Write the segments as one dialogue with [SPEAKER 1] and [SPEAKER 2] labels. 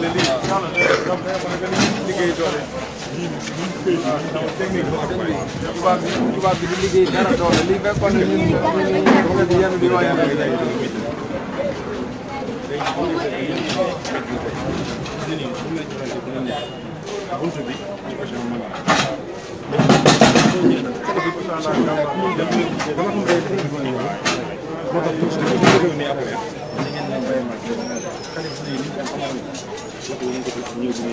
[SPEAKER 1] doole lii donc day wax rek dañuy liggéey doole lii lii technique bi ak mooy tubaab bi tubaab bi di liggéey dara doole lii fekkoon na ñun ñun ñu yenn bi ma yenn bi day buntu bi moo tax surtout ñu ngi ko ñëw si ñëw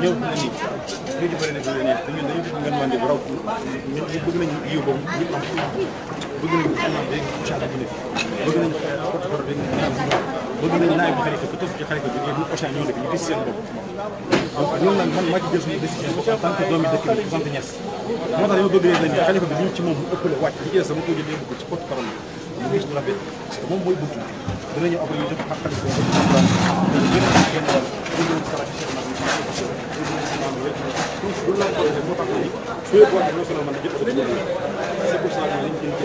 [SPEAKER 1] ñëw nañu ñëw di bëri na bëri na ñun dañu bëgg ngeen mën di raw ñun bëgg nañu yiw boobu ñëpp am bëgg nañu xanaa day Ousmane bu nekk bëgg nañu porte parole bi bëgg nañu naay bu xarit ko tëf ci xarit bi ñu Ousmane ñoo dëkk ñu gis seen bopp donc ñun nag man maa ci jël suñu décision en tant que doomi dëkk bi sant Niass moo tax dama bëgg leen ne xalifa bi ñu ci moom mu ëppale wàcc li ci des sama ko jël yóbbu ko ci porte parole bi mu gis mu rafet parce que moom mooy bëgg dinañu obra ñu jóg xàttal ko ñu doon ñu gën a gën a ñu doon sara ci seen mag ñu ci ko ñu doon ci mag wépp tous bu la ko def mo tax ni bu ko wax no solo man jëpp ci ñu c'est pour ça que ñu ci ci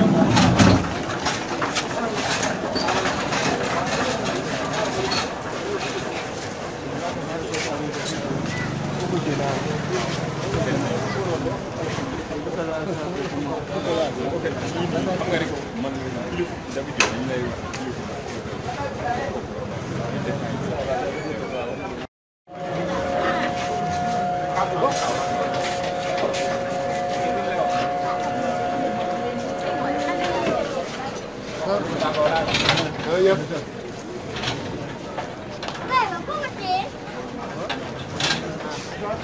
[SPEAKER 1] Oh, yeah.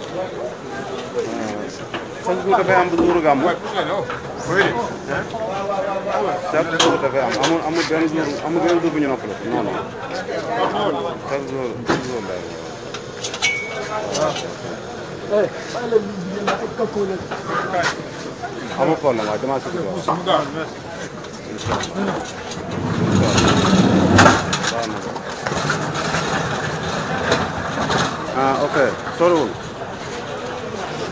[SPEAKER 1] chaque jour dafay am bu suuru gàmmu. chaque jour dafay am amul amul benn jour amul benn jour bu ñu noppale. non non chaque